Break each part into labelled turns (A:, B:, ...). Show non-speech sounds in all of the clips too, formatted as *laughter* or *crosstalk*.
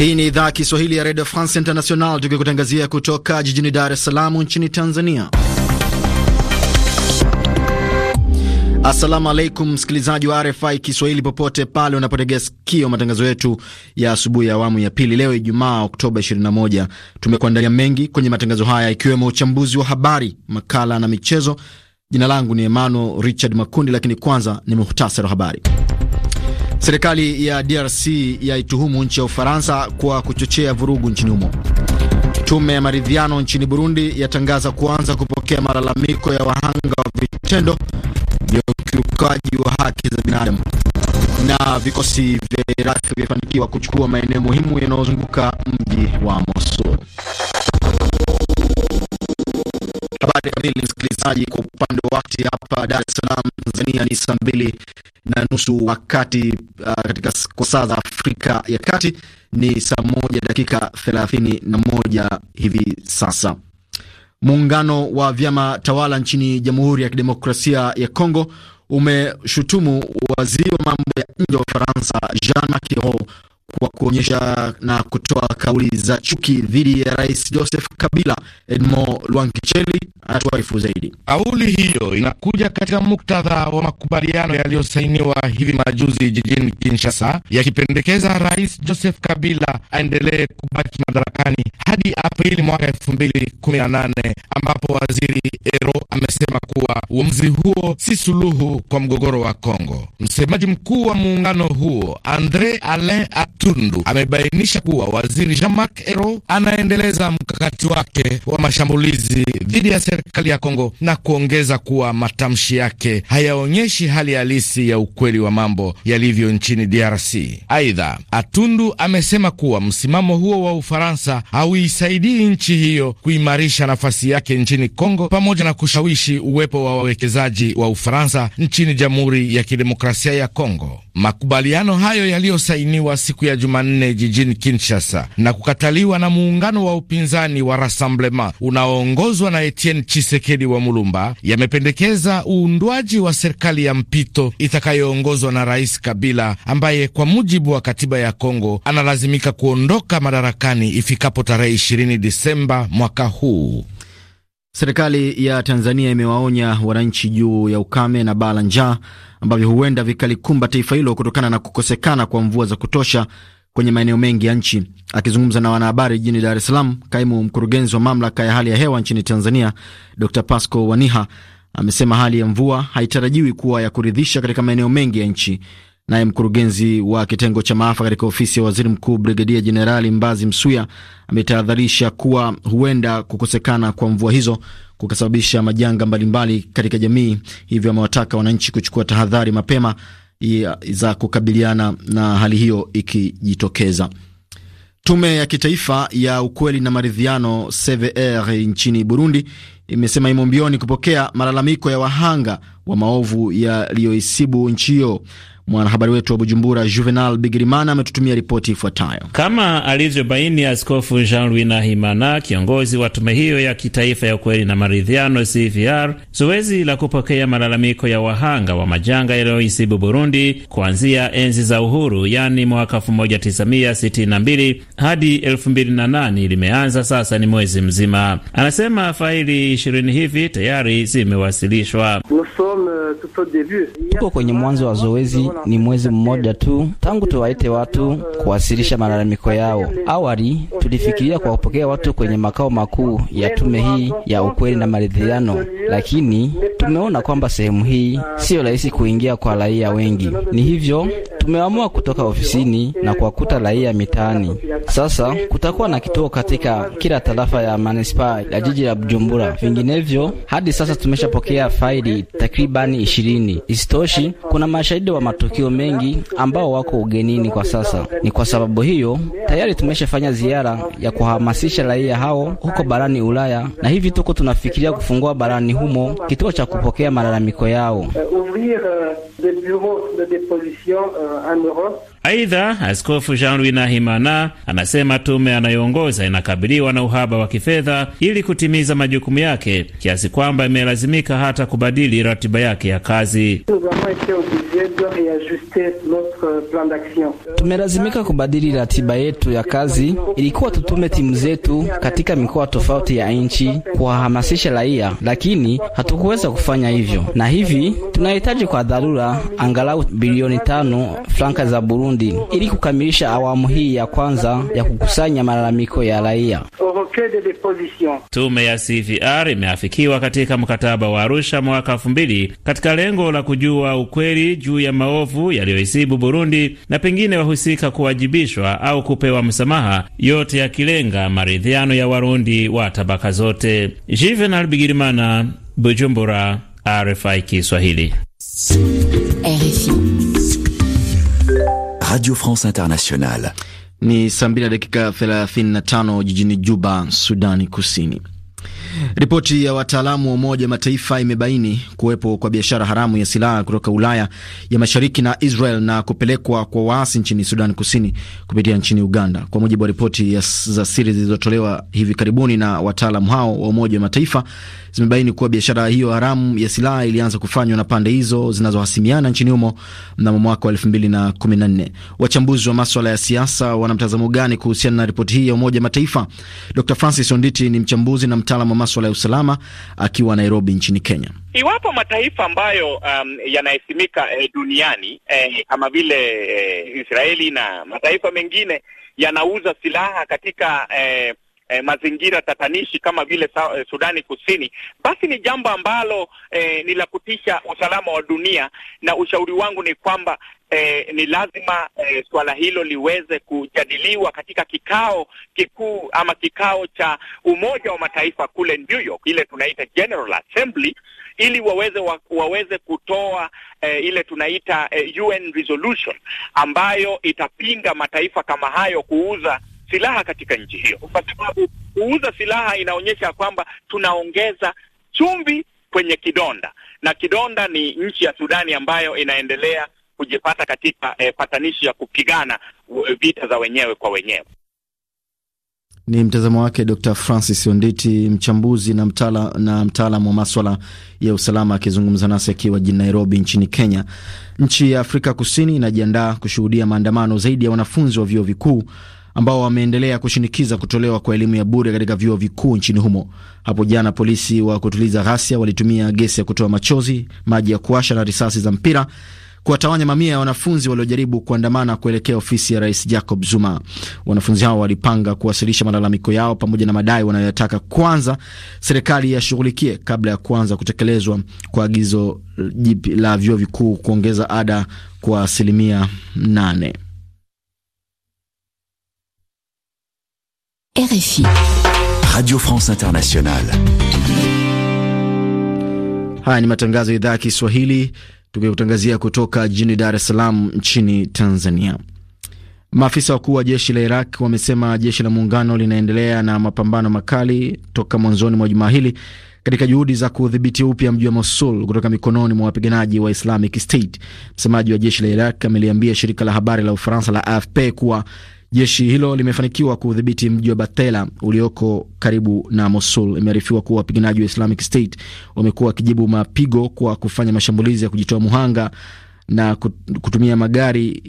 A: Hii ni idhaa ya Kiswahili ya Radio France International, tukikutangazia kutoka jijini Dar es Salaam nchini Tanzania. Assalamu alaikum, msikilizaji wa RFI Kiswahili popote pale unapotegea sikio matangazo yetu ya asubuhi ya awamu ya pili. Leo Ijumaa, Oktoba 21, tumekuandalia mengi kwenye matangazo haya, ikiwemo uchambuzi wa habari, makala na michezo. Jina langu ni Emmanuel Richard Makundi, lakini kwanza ni muhtasari wa habari. Serikali ya DRC yaituhumu nchi ya Ufaransa kwa kuchochea vurugu nchini humo. Tume ya maridhiano nchini Burundi yatangaza kuanza kupokea malalamiko ya wahanga wa vitendo vya ukiukaji wa haki za binadamu. Na vikosi vya Iraq vimefanikiwa kuchukua maeneo muhimu yanayozunguka mji wa Mosul. Habari kamili, msikilizaji. Kwa upande wa wakati hapa Dar es Salaam, Tanzania ni saa mbili na nusu wakati uh, katika kwa saa za Afrika ya Kati ni saa moja dakika thelathini na moja hivi sasa. Muungano wa vyama tawala nchini Jamhuri ya Kidemokrasia ya Kongo umeshutumu waziri wa mambo ya nje wa Ufaransa Jean Marc Ayrault kwa kuonyesha na kutoa kauli za chuki dhidi ya Rais Joseph Kabila.
B: Edmo Lwangicheli anatuarifu zaidi. Kauli hiyo inakuja katika muktadha wa makubaliano yaliyosainiwa hivi majuzi jijini Kinshasa, yakipendekeza Rais Joseph Kabila aendelee kubaki madarakani hadi Aprili mwaka elfu mbili kumi na nane ambapo waziri Ero amesema kuwa uamuzi huo si suluhu kwa mgogoro wa Kongo. Msemaji mkuu wa muungano huo Andre Alain Tundu amebainisha kuwa waziri Jean-Marc Ayrault anaendeleza mkakati wake wa mashambulizi dhidi ya serikali ya Kongo na kuongeza kuwa matamshi yake hayaonyeshi hali halisi ya ukweli wa mambo yalivyo nchini DRC. Aidha, Atundu amesema kuwa msimamo huo wa Ufaransa hauisaidii nchi hiyo kuimarisha nafasi yake nchini Kongo pamoja na kushawishi uwepo wa wawekezaji wa Ufaransa nchini Jamhuri ya Kidemokrasia ya Kongo. Makubaliano hayo yaliyosainiwa siku ya ya Jumanne jijini Kinshasa na kukataliwa na muungano wa upinzani wa Rassemblement unaoongozwa na Etienne chisekedi wa Mulumba yamependekeza uundwaji wa serikali ya mpito itakayoongozwa na Rais Kabila ambaye kwa mujibu wa katiba ya Kongo analazimika kuondoka madarakani ifikapo tarehe 20 Disemba mwaka huu.
A: Serikali ya Tanzania imewaonya wananchi juu ya ukame na baa la njaa ambavyo huenda vikalikumba taifa hilo kutokana na kukosekana kwa mvua za kutosha kwenye maeneo mengi ya nchi. Akizungumza na wanahabari jijini Dar es Salaam, kaimu mkurugenzi wa mamlaka ya hali ya hewa nchini Tanzania Dr Pasco Waniha amesema hali ya mvua haitarajiwi kuwa ya kuridhisha katika maeneo mengi ya nchi. Naye mkurugenzi wa kitengo cha maafa katika ofisi ya waziri mkuu Brigedia Jenerali Mbazi Msuya ametahadharisha kuwa huenda kukosekana kwa mvua hizo kukasababisha majanga mbalimbali katika jamii, hivyo amewataka wananchi kuchukua tahadhari mapema za kukabiliana na hali hiyo ikijitokeza. Tume ya kitaifa ya ukweli na maridhiano CVR nchini Burundi imesema imo mbioni kupokea malalamiko ya wahanga wa maovu yaliyoisibu nchi hiyo. Mwanahabari wetu wa Bujumbura, Juvenal Bigirimana, ametutumia ripoti ifuatayo.
C: Kama alivyobaini Askofu Jean Louis Nahimana, kiongozi wa tume hiyo ya kitaifa ya ukweli na maridhiano CVR, zoezi la kupokea malalamiko ya wahanga wa majanga yaliyoisibu Burundi kuanzia enzi za uhuru, yani mwaka 1962 hadi 2008 limeanza sasa, ni mwezi mzima. Anasema faili ishirini hivi tayari zimewasilishwa.
D: Tuko kwenye mwanzo wa zoezi ni mwezi mmoja tu tangu tuwaite watu kuwasilisha malalamiko yao. Awali tulifikiria kuwapokea watu kwenye makao makuu ya tume hii ya ukweli na maridhiano, lakini tumeona kwamba sehemu hii siyo rahisi kuingia kwa raia wengi. Ni hivyo tumeamua kutoka ofisini na kuwakuta raia mitaani. Sasa kutakuwa na kituo katika kila tarafa ya manispaa ya jiji la Bujumbura. Vinginevyo, hadi sasa tumeshapokea faili takribani ishirini. Isitoshi, kuna mashahidi wa matukio matukio mengi ambao wako ugenini kwa sasa. Ni kwa sababu hiyo tayari tumeshafanya ziara ya kuhamasisha raia hao huko barani Ulaya, na hivi tuko tunafikiria kufungua barani humo kituo cha kupokea malalamiko yao.
E: Euh, euh,
C: Aidha, Askofu Jean Louis Nahimana anasema tume anayoongoza inakabiliwa na uhaba wa kifedha ili kutimiza majukumu yake kiasi kwamba imelazimika hata kubadili ratiba yake ya kazi. Tumelazimika
D: kubadili ratiba yetu ya kazi. Ilikuwa tutume timu zetu katika mikoa tofauti ya nchi kuwahamasisha raia, lakini hatukuweza kufanya hivyo, na hivi tunahitaji kwa dharura angalau bilioni tano franka za Burundi Burundi ili kukamilisha awamu hii ya kwanza ya kukusanya malalamiko ya raia.
C: Tume ya CVR imeafikiwa katika mkataba wa Arusha mwaka elfu mbili katika lengo la kujua ukweli juu ya maovu yaliyoisibu Burundi na pengine wahusika kuwajibishwa au kupewa msamaha, yote yakilenga maridhiano ya Warundi wa tabaka zote. Juvenal Bigirimana, Bujumbura, RFI Kiswahili. RFI. Radio France Internationale.
A: Ni saa mbili na dakika 35 jijini Juba, Sudani Kusini. Ripoti ya wataalamu wa Umoja Mataifa imebaini kuwepo kwa biashara haramu ya silaha kutoka Ulaya ya Mashariki na Israel na kupelekwa kwa waasi nchini Sudan Kusini kupitia nchini Uganda, kwa mujibu wa ripoti za siri zilizotolewa hivi karibuni na wataalamu hao wa Umoja wa Mataifa. Zimebaini kuwa biashara hiyo haramu ya silaha ilianza kufanywa na pande hizo zinazohasimiana nchini humo mnamo mwaka wa na na kumi nne. Wachambuzi wa maswala ya siasa wana mtazamo gani kuhusiana na ripoti hii ya Umoja Mataifa? Dr Francis Onditi ni mchambuzi na mtaalamu maswala ya usalama akiwa Nairobi nchini Kenya.
C: Iwapo mataifa ambayo um, yanaheshimika eh, duniani eh, kama vile eh, Israeli na mataifa mengine yanauza silaha katika eh, eh, mazingira tatanishi kama vile eh, Sudani Kusini, basi ni jambo ambalo eh, ni la kutisha usalama wa dunia, na ushauri wangu ni kwamba Eh, ni lazima eh, suala hilo liweze kujadiliwa katika kikao kikuu ama kikao cha Umoja wa Mataifa kule New York, ile tunaita General Assembly, ili waweze wa, waweze kutoa eh, ile tunaita eh, UN resolution ambayo itapinga mataifa kama hayo kuuza silaha katika nchi hiyo, kwa sababu kuuza silaha inaonyesha kwamba tunaongeza chumvi kwenye kidonda, na kidonda ni nchi ya Sudani ambayo inaendelea kujipata katika eh, patanishi ya kupigana eh, vita za wenyewe kwa wenyewe.
A: Ni mtazamo wake Dr Francis Onditi, mchambuzi na mtaalam na mtaalamu wa maswala ya usalama, akizungumza nasi akiwa jijini Nairobi nchini Kenya. Nchi ya Afrika Kusini inajiandaa kushuhudia maandamano zaidi ya wanafunzi wa vyuo vikuu ambao wameendelea kushinikiza kutolewa kwa elimu ya bure katika vyuo vikuu nchini humo. Hapo jana polisi wa kutuliza ghasia walitumia gesi ya kutoa machozi, maji ya kuasha na risasi za mpira kuwatawanya mamia ya wanafunzi waliojaribu kuandamana kuelekea ofisi ya rais Jacob Zuma. Wanafunzi hao walipanga kuwasilisha malalamiko yao pamoja na madai wanayoyataka kwanza serikali yashughulikie kabla ya kuanza kutekelezwa kwa agizo la vyuo vikuu kuongeza ada kwa asilimia nane. RFI. Radio France Internationale. Haya ni matangazo ya idhaa ya Kiswahili tukikutangazia kutoka jijini Dar es Salaam nchini Tanzania. Maafisa wakuu wa jeshi la Iraq wamesema jeshi la muungano linaendelea na mapambano makali toka mwanzoni mwa jumaa hili katika juhudi za kudhibiti upya mji wa Mosul kutoka mikononi mwa wapiganaji wa Islamic State. Msemaji wa jeshi la Iraq ameliambia shirika la habari la Ufaransa la AFP kuwa Jeshi hilo limefanikiwa kuudhibiti mji wa Bathela ulioko karibu na Mosul. Imearifiwa kuwa wapiganaji wa Islamic State wamekuwa wakijibu mapigo kwa kufanya mashambulizi ya kujitoa muhanga na kutumia magari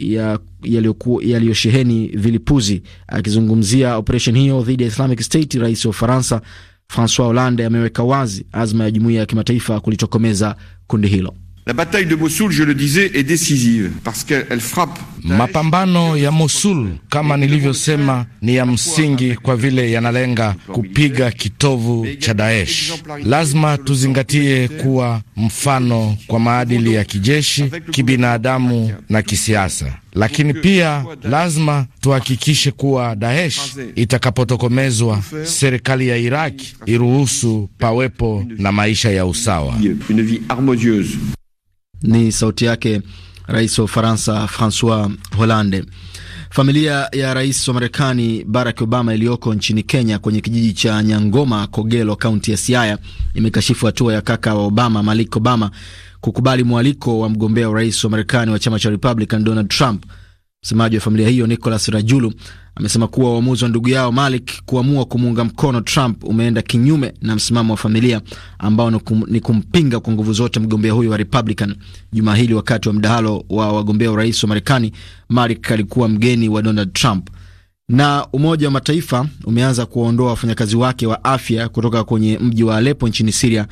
A: yaliyosheheni ya vilipuzi. Akizungumzia operesheni hiyo dhidi ya Islamic State, rais wa Ufaransa Francois Hollande ameweka wazi azma ya jumuiya ya kimataifa kulitokomeza kundi hilo.
F: La bataille de
B: Mossoul, je le disais, est décisive parce qu'elle frappe. Mapambano ya Mosul kama nilivyosema ni ya msingi kwa vile yanalenga kupiga kitovu cha Daesh. Lazima tuzingatie kuwa mfano kwa maadili ya kijeshi, kibinadamu na kisiasa. Lakini pia lazima tuhakikishe kuwa Daesh itakapotokomezwa, serikali ya Iraki iruhusu pawepo na maisha ya usawa. Ni
A: sauti yake rais wa Ufaransa Francois Hollande. Familia ya rais wa Marekani Barack Obama iliyoko nchini Kenya kwenye kijiji cha Nyangoma, Kogelo, kaunti ya Siaya imekashifu hatua ya kaka wa Obama Malik Obama kukubali mwaliko wa mgombea urais wa Marekani wa chama cha Republican Donald Trump. Msemaji wa familia hiyo Nicholas Rajulu amesema kuwa uamuzi wa ndugu yao Malik kuamua kumuunga mkono Trump umeenda kinyume na msimamo wa familia ambao ni kumpinga kwa nguvu zote mgombea huyo wa Republican. Juma hili wakati wa mdahalo wa wagombea urais wa Marekani, Malik alikuwa mgeni wa Donald Trump. Na Umoja wa Mataifa umeanza kuwaondoa wafanyakazi wake wa afya kutoka kwenye mji wa Alepo nchini Siria,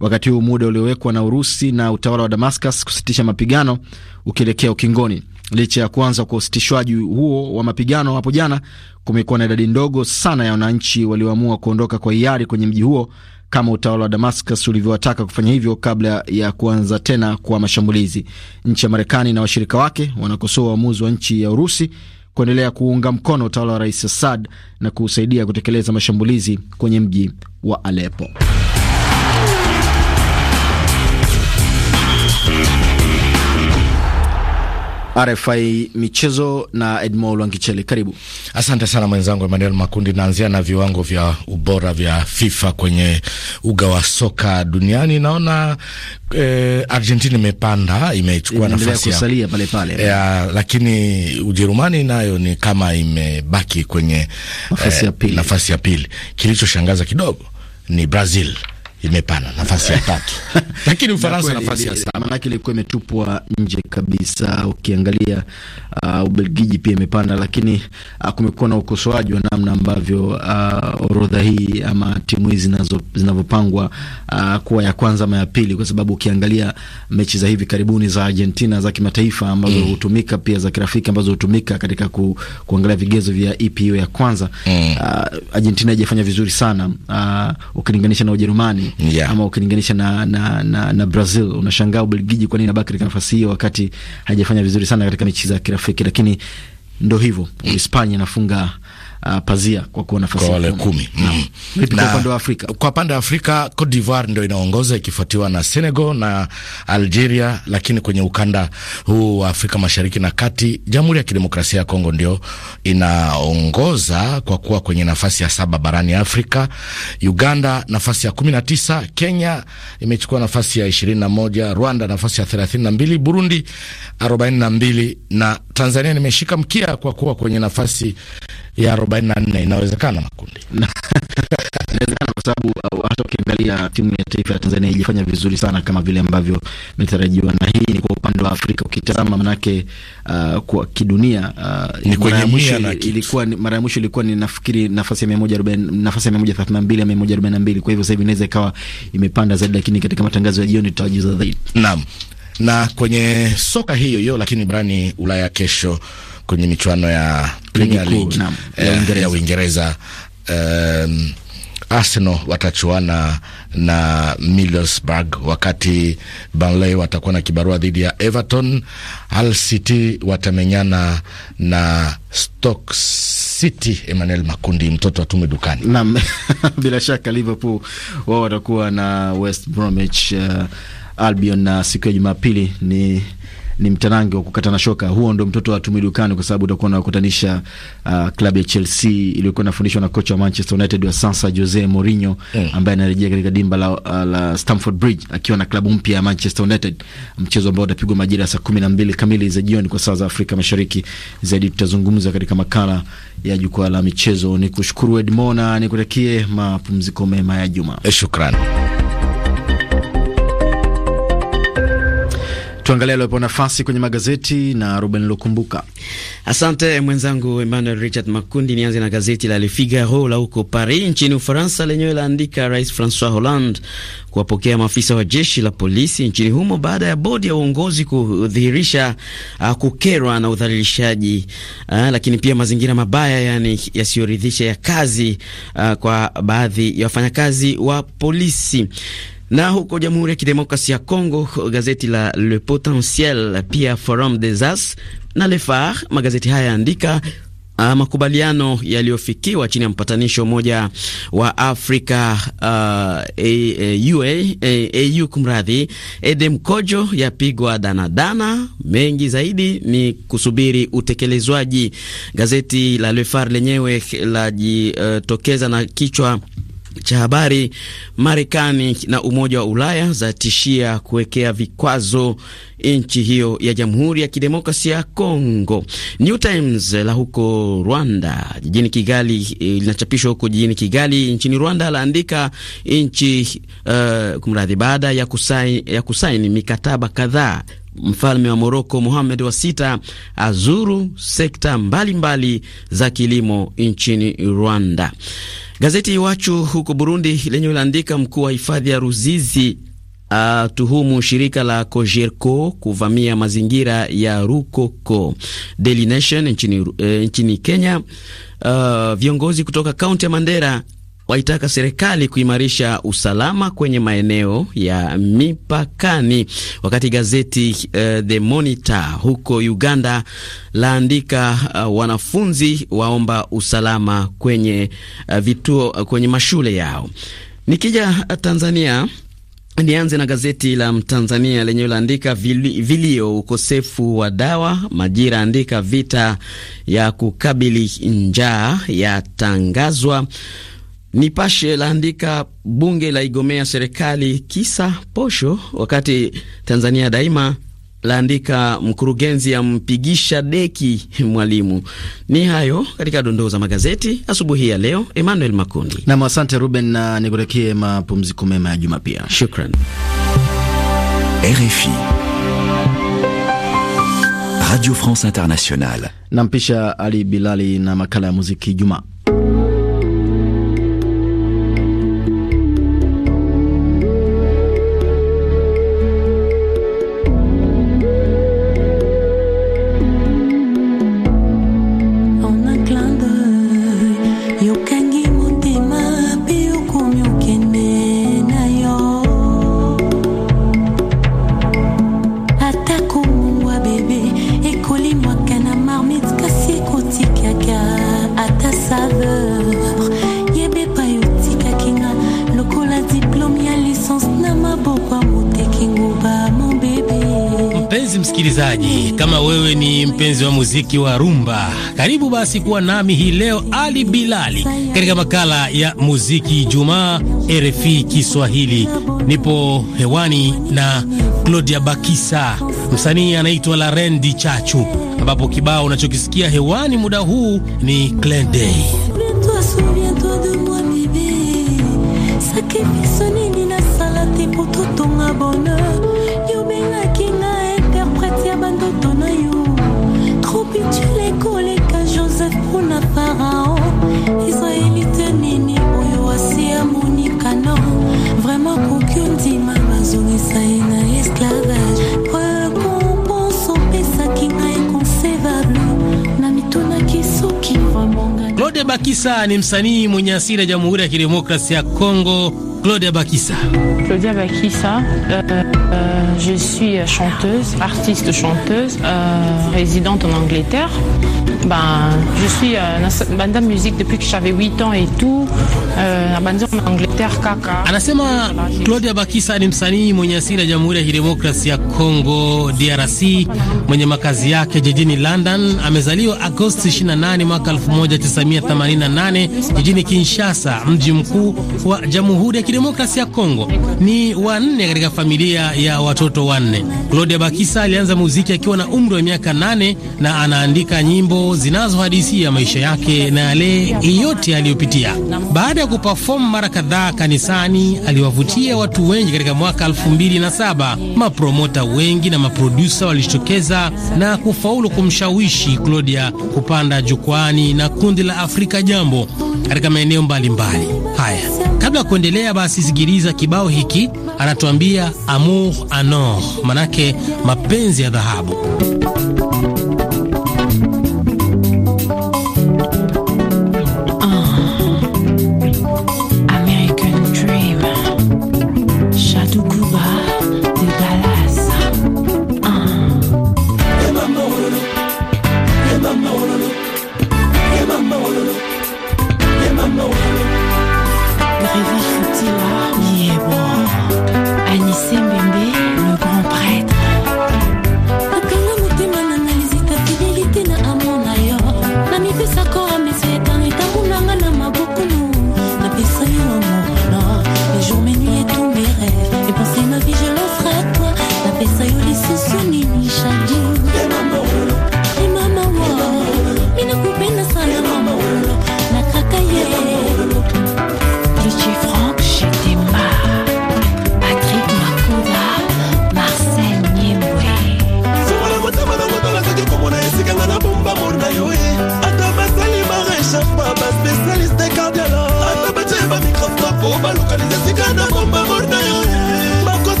A: wakati huu muda uliowekwa na Urusi na utawala wa Damascus kusitisha mapigano ukielekea ukingoni. Licha ya kuanza kwa usitishwaji huo wa mapigano hapo jana, kumekuwa na idadi ndogo sana ya wananchi walioamua kuondoka kwa hiari kwenye mji huo kama utawala wa Damascus ulivyowataka kufanya hivyo kabla ya kuanza tena kwa mashambulizi. Nchi ya Marekani na washirika wake wanakosoa uamuzi wa nchi ya Urusi kuendelea kuunga mkono utawala wa Rais Assad na kuusaidia kutekeleza mashambulizi kwenye mji wa Aleppo.
B: RFI michezo na Edmo Lwangicheli, karibu. Asante sana mwenzangu Emmanuel Makundi. Naanzia na viwango vya ubora vya FIFA kwenye uga wa soka duniani. Naona eh, Argentina imepanda, imechukua nafasi ya kusalia
A: pale pale ya,
B: lakini Ujerumani nayo ni kama imebaki kwenye nafasi eh, ya pili. Nafasi ya pili, kilichoshangaza kidogo ni Brazil imepana nafasi ya tatu
A: *laughs* lakini Ufaransa na nafasi ya saba, maanake ilikuwa imetupwa nje kabisa. Ukiangalia uh, Ubelgiji pia imepanda, lakini uh, kumekuwa na ukosoaji wa namna ambavyo uh, orodha hii ama timu hizi zinavyopangwa uh, kuwa ya kwanza ama ya pili, kwa sababu ukiangalia mechi za hivi karibuni za Argentina za kimataifa ambazo mm. hutumika pia za kirafiki ambazo hutumika katika ku, kuangalia vigezo vya EPO ya kwanza mm. uh, Argentina haijafanya vizuri sana uh, ukilinganisha na Ujerumani yeah. Ama ukilinganisha na, na, na, na Brazil, unashangaa Ubelgiji kwa nini inabaki katika nafasi hiyo wakati haijafanya vizuri sana katika mechi za kirafiki, lakini ndo hivyo Hispania inafunga uh, pazia kwa kuwa nafasi ya kumi. Mm. Kwa upande
B: wa Afrika, kwa upande wa Afrika Cote d'Ivoire ndio inaongoza ikifuatiwa na Senegal na Algeria, lakini kwenye ukanda huu wa Afrika Mashariki na Kati, Jamhuri ya Kidemokrasia ya Kongo ndio inaongoza kwa kuwa kwenye nafasi ya saba barani Afrika. Uganda nafasi ya kumi na tisa, Kenya imechukua nafasi ya ishirini na moja, Rwanda nafasi ya thelathini na mbili, Burundi arobaini na mbili na Tanzania nimeshika mkia kwa kuwa kwenye nafasi ya 44 inawezekana makundi *laughs* inawezekana kwa sababu uh,
A: hata ukiangalia timu ya taifa ya Tanzania ilifanya vizuri sana kama vile ambavyo imetarajiwa, na hii ni kwa upande wa Afrika. Ukitazama manake uh, kwa kidunia uh, ni kwenye mwisho ilikuwa mara ya mwisho ilikuwa ni nafikiri nafasi ya 140 nafasi ya 132 ama 142. Kwa hivyo sasa hivi inaweza ikawa imepanda zaidi, lakini katika matangazo
B: ya jioni tutawajuza zaidi. Naam, na kwenye soka hiyo hiyo, lakini barani Ulaya kesho kwenye michuano ya Premier League eh, ya Uingereza. Um, Arsenal watachuana na Middlesbrough, wakati Burnley watakuwa na kibarua dhidi ya Everton. Hull City watamenyana na Stoke City. Emmanuel Makundi, mtoto atume dukani. Naam, *laughs* bila shaka Liverpool
A: wao watakuwa na West Bromwich uh, Albion na siku ya Jumapili ni ni mtarange wa kukata na shoka. Huo ndo mtoto wa tumi dukani, kwa sababu utakuwa unakutanisha uh, klabu ya Chelsea iliyokuwa inafundishwa na kocha wa Manchester United wa sasa Jose Mourinho mm. ambaye anarejea katika dimba la, uh, la Stamford Bridge akiwa na klabu mpya ya Manchester United, mchezo ambao utapigwa majira ya saa kumi na mbili kamili za jioni kwa saa za Afrika Mashariki. Zaidi tutazungumza katika makala ya jukwaa la michezo. Ni kushukuru Edmona, nikutakie mapumziko mema ya juma. Eh, shukrani. Tuangalia
G: aliopewa nafasi kwenye magazeti na Ruben Lukumbuka. Asante mwenzangu Emmanuel Richard Makundi. Nianze na gazeti la Le Figaro la huko Paris nchini Ufaransa, lenyewe laandika Rais Francois Hollande kuwapokea maafisa wa jeshi la polisi nchini humo baada ya bodi ya uongozi kudhihirisha uh, kukerwa na udhalilishaji uh, lakini pia mazingira mabaya yani yasiyoridhisha ya kazi uh, kwa baadhi ya wafanyakazi wa polisi. Na huko Jamhuri ya Kidemokrasi ya Kongo, gazeti la Le Potentiel pia Forum des As na Le Phare, magazeti haya yaandika Uh, makubaliano yaliyofikiwa chini ya mpatanisho mmoja wa Afrika uh, ah, AU, AU kumradhi, Edem Kojo yapigwa danadana. Mengi zaidi ni kusubiri utekelezwaji. Gazeti la Le Phare lenyewe lajitokeza uh, na kichwa cha habari, Marekani na Umoja wa Ulaya zatishia kuwekea vikwazo nchi hiyo ya Jamhuri ya Kidemokrasia ya Kongo. New Times la huko Rwanda jijini Kigali eh, linachapishwa huko jijini Kigali nchini Rwanda laandika nchi uh, kumradhi, baada ya kusaini, ya kusaini mikataba kadhaa Mfalme wa Moroko Mohamed wa sita azuru sekta mbalimbali mbali za kilimo nchini Rwanda. Gazeti Iwachu huko Burundi lenye ulaandika mkuu wa hifadhi ya Ruzizi atuhumu shirika la Cogerco kuvamia mazingira ya Rukoko. Daily Nation nchini, e, nchini Kenya, uh, viongozi kutoka kaunti ya Mandera waitaka serikali kuimarisha usalama kwenye maeneo ya mipakani, wakati gazeti uh, The Monitor huko Uganda laandika uh, wanafunzi waomba usalama kwenye uh, vituo uh, kwenye mashule yao. Nikija Tanzania nianze na gazeti la Mtanzania lenyewe laandika vili, vilio ukosefu wa dawa. Majira andika vita ya kukabili njaa yatangazwa. Nipashe laandika bunge la igomea serikali kisa posho, wakati Tanzania Daima laandika mkurugenzi ampigisha deki mwalimu. Ni hayo katika dondoo za magazeti asubuhi ya leo. Emmanuel Makundi
A: nam. Asante Ruben na nikutakie mapumziko mema ya juma pia. Shukran. RFI Radio France Internationale nampisha Ali Bilali na makala ya muziki jumaa
E: Mpenzi msikilizaji, kama wewe ni mpenzi wa muziki wa rumba, karibu basi kuwa nami hii leo Ali Bilali katika makala ya muziki jumaa RFI Kiswahili. Nipo hewani na Claudia Bakisa, msanii anaitwa Larendi Chachu, ambapo kibao unachokisikia hewani muda huu ni Clenday.
H: Pharaon israeli te nini oyo asi amonikano vraiment koki ondima bazongisa ye na esclavage rekomponse opesaki ngai concevable na mitunaki soki vraiment
E: Claude Bakisa ni msanii mwenye asili ya Jamhuri ya Kidemokrasia Congo, Kongo. Bakisa.
H: Bakissa. Bakisa, euh, euh, je suis chanteuse, artiste chanteuse, euh, résidente en Angleterre. Ben, je suis dans euh, bande de musique depuis que j'avais 8 ans et tout euh, bande en Angleterre kaka. Anasema
E: Claudia Bakisa ni msanii mwenye asili ya Jamhuri ya Kidemokrasia ya Kongo DRC mwenye makazi yake jijini London. Amezaliwa Agosti 28 mwaka 1988 jijini Kinshasa, mji mkuu wa Jamhuri ya Kidemokrasia ya Kongo. Ni wanne katika familia ya watoto wanne. Claudia Bakisa alianza muziki akiwa na umri wa miaka 8 na anaandika nyimbo nyimbo zinazohadisia maisha yake na yale yote aliyopitia. Baada ya kuperform mara kadhaa kanisani, aliwavutia watu wengi katika mwaka 2007. Mapromota wengi na maprodusa walijitokeza na kufaulu kumshawishi Claudia kupanda jukwani na kundi la Afrika Jambo katika maeneo mbalimbali. Haya, kabla ya kuendelea, basi sikiliza kibao hiki, anatuambia amour anor, manake mapenzi ya dhahabu.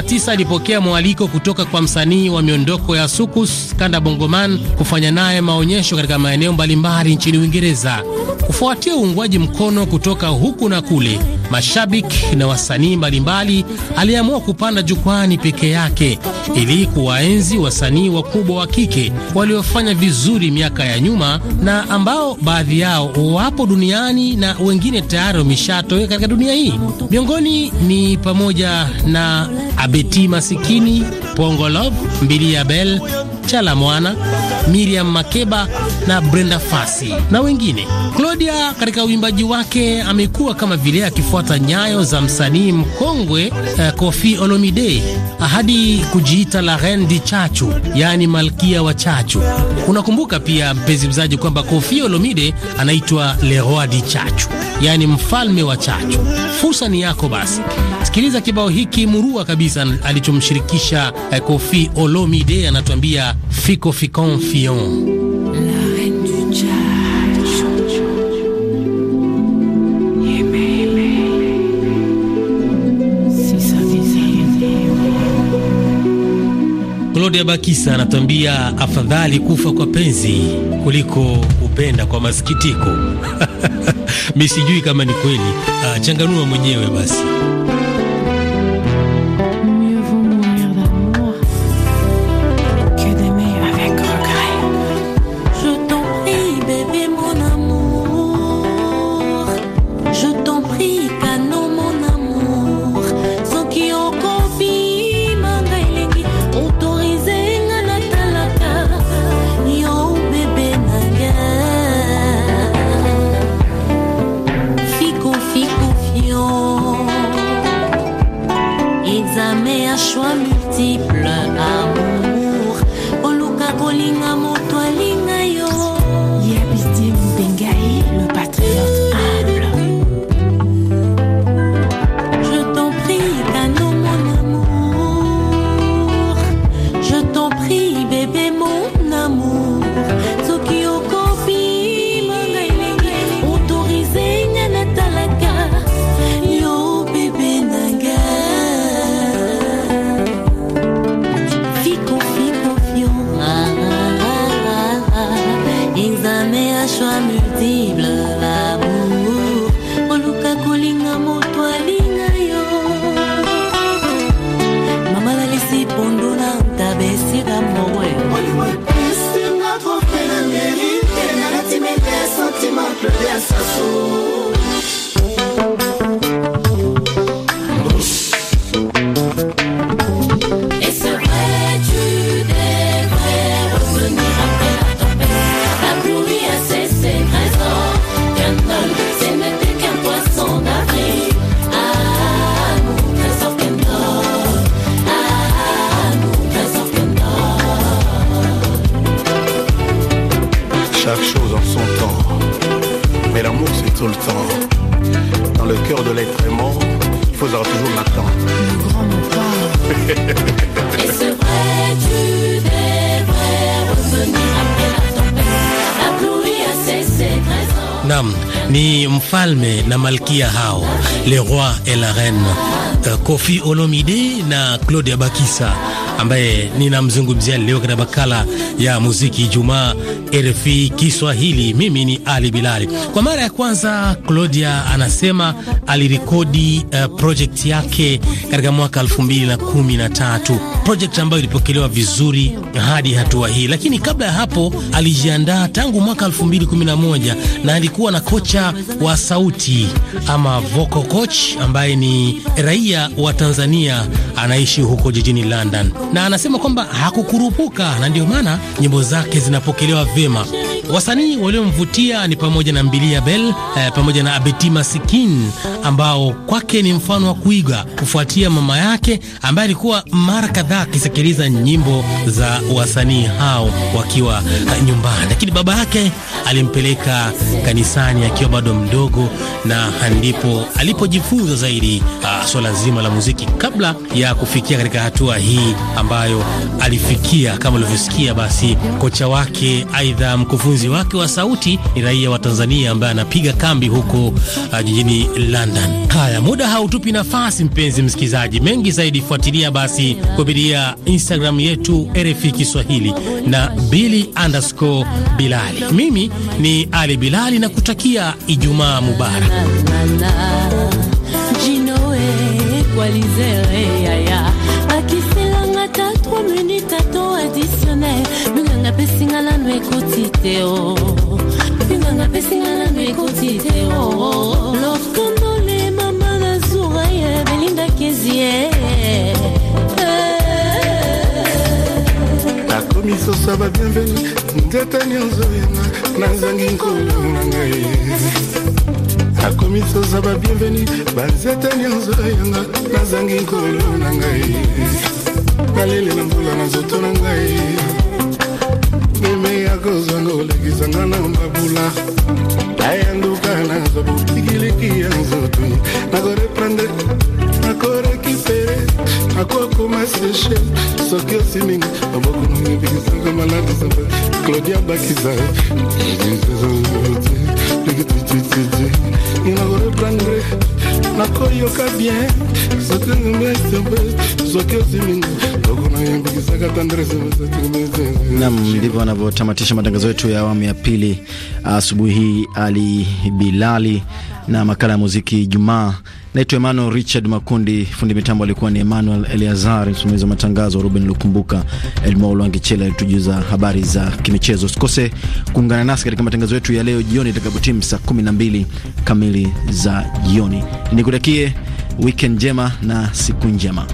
E: 2009 alipokea mwaliko kutoka kwa msanii wa miondoko ya Sukus Kanda Bongoman kufanya naye maonyesho katika maeneo mbalimbali nchini Uingereza. Kufuatia uungwaji mkono kutoka huku na kule, mashabiki na wasanii mbalimbali, aliamua kupanda jukwani peke yake ili kuwaenzi wasanii wakubwa wa kike waliofanya vizuri miaka ya nyuma na ambao baadhi yao wapo duniani na wengine tayari wameshatoweka katika dunia hii. Miongoni ni pamoja na Abeti Masikini, Pongolov, Mbili Chala Mwana, Miriam Makeba na Brenda Fasi na wengine. Claudia katika uimbaji wake amekuwa kama vile akifuata nyayo za msanii mkongwe uh, Kofi Olomide hadi kujiita la reine di chachu, yaani malkia wa chachu. Unakumbuka pia mpenzi mzaji kwamba kofi Olomide anaitwa le roi di chachu, yaani mfalme wa chachu. Fursa ni yako basi, sikiliza kibao hiki murua kabisa alichomshirikisha eh, Kofi Olomide, anatuambia Fico Ficon Fion. Claudia Bakisa anatuambia afadhali kufa kwa penzi kuliko kupenda kwa masikitiko. *laughs* Mi sijui kama ni kweli, ah, changanua mwenyewe basi.
H: multiples amours.
E: mfalme na malkia hao le roi et la reine euh, Kofi Olomide na Claudia Bakisa ambaye ninamzungumzia leo katika makala ya muziki Ijumaa RFI Kiswahili. Mimi ni Ali Bilali. Kwa mara ya kwanza Claudia anasema alirekodi uh, project yake katika mwaka 2013, project ambayo ilipokelewa vizuri hadi hatua hii, lakini kabla ya hapo alijiandaa tangu mwaka 2011 na alikuwa na kocha wa sauti ama vocal coach ambaye ni raia wa Tanzania anaishi huko jijini London, na anasema kwamba hakukurupuka na ndio maana nyimbo zake zinapokelewa vyema. Wasanii waliomvutia ni pamoja na Mbilia Bel eh, pamoja na Abeti Masikin ambao kwake ni mfano wa kuiga kufuatia mama yake ambaye alikuwa mara kadhaa akisikiliza nyimbo za wasanii hao wakiwa eh, nyumbani, lakini baba yake alimpeleka kanisani akiwa bado mdogo, na ndipo alipojifunza zaidi uh, swala zima la muziki kabla ya kufikia katika hatua hii ambayo alifikia. Kama ulivyosikia, basi kocha wake aidha mkufunzi mwenzi wake wa sauti ni raia wa Tanzania ambaye anapiga kambi huko uh, jijini London. Haya, muda hautupi nafasi, mpenzi msikilizaji, mengi zaidi fuatilia basi kupitia Instagram yetu RFI Kiswahili na Bili underscore Bilali. Mimi ni Ali Bilali na kutakia Ijumaa mubarak.
H: koleka 3 minutes ato additionnel minganga mpesinga nano ekoti te o minganga mpesinga nano ekoti te o lokondole mama na zuraye belingaki ezie
E: nakomi soso
H: ya babienveni ngata nyonso
E: yanga nazangi nkolo na ngai nakomi soso ya babienveni banzete nyonso yanga nazangi nkolo na ngai malele na mbula na nzoto na ngai meme ya kozanga olekisanga na mabula nayanduka nazwa botikiliki ya nzoto nakoreprendre nakore
A: Nam, ndivyo anavyotamatisha matangazo yetu ya awamu ya pili asubuhi. Uh, Ali Bilali na makala ya muziki Ijumaa. Naitwa Emmanuel Richard Makundi, fundi mitambo alikuwa ni Emmanuel Eliazar, msimamizi wa matangazo Ruben Lukumbuka, Elmo Lwangichela alitujuza habari za kimichezo. sikose kuungana nasi katika matangazo yetu ya leo jioni itakapotimu saa 12 kamili za jioni. Nikutakie weekend njema na siku njema.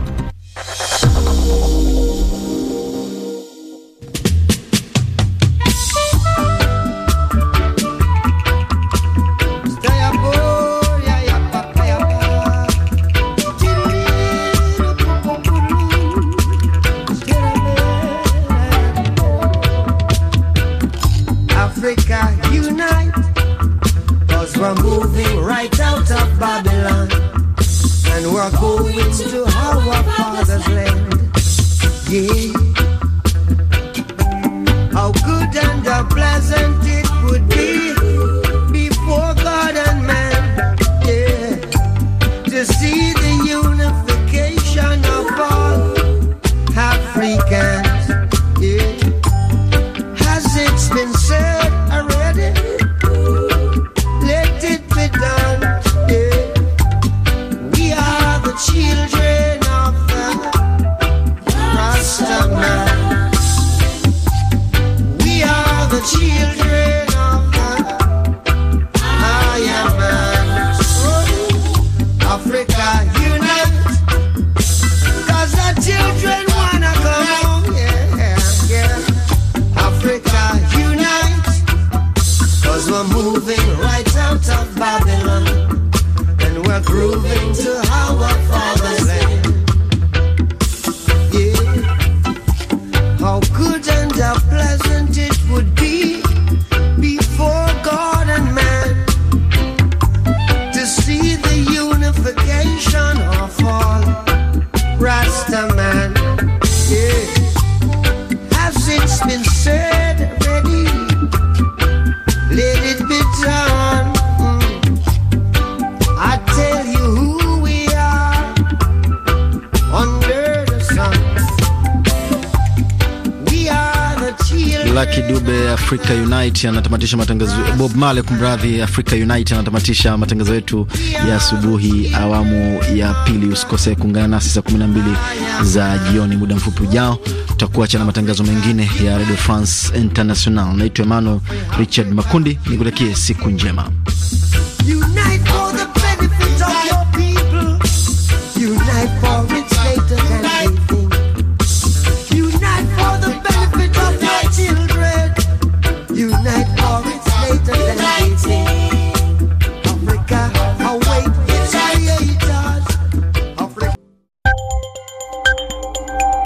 A: Africa Unite anatamatisha matangazo. Bob Marley kumradhi, Africa Unite anatamatisha matangazo yetu ya asubuhi awamu ya pili. Usikose kuungana nasi saa 12 za jioni. Muda mfupi ujao tutakuacha na matangazo mengine ya Radio France International. Naitwa Emmanuel Richard Makundi, nikutakie siku njema.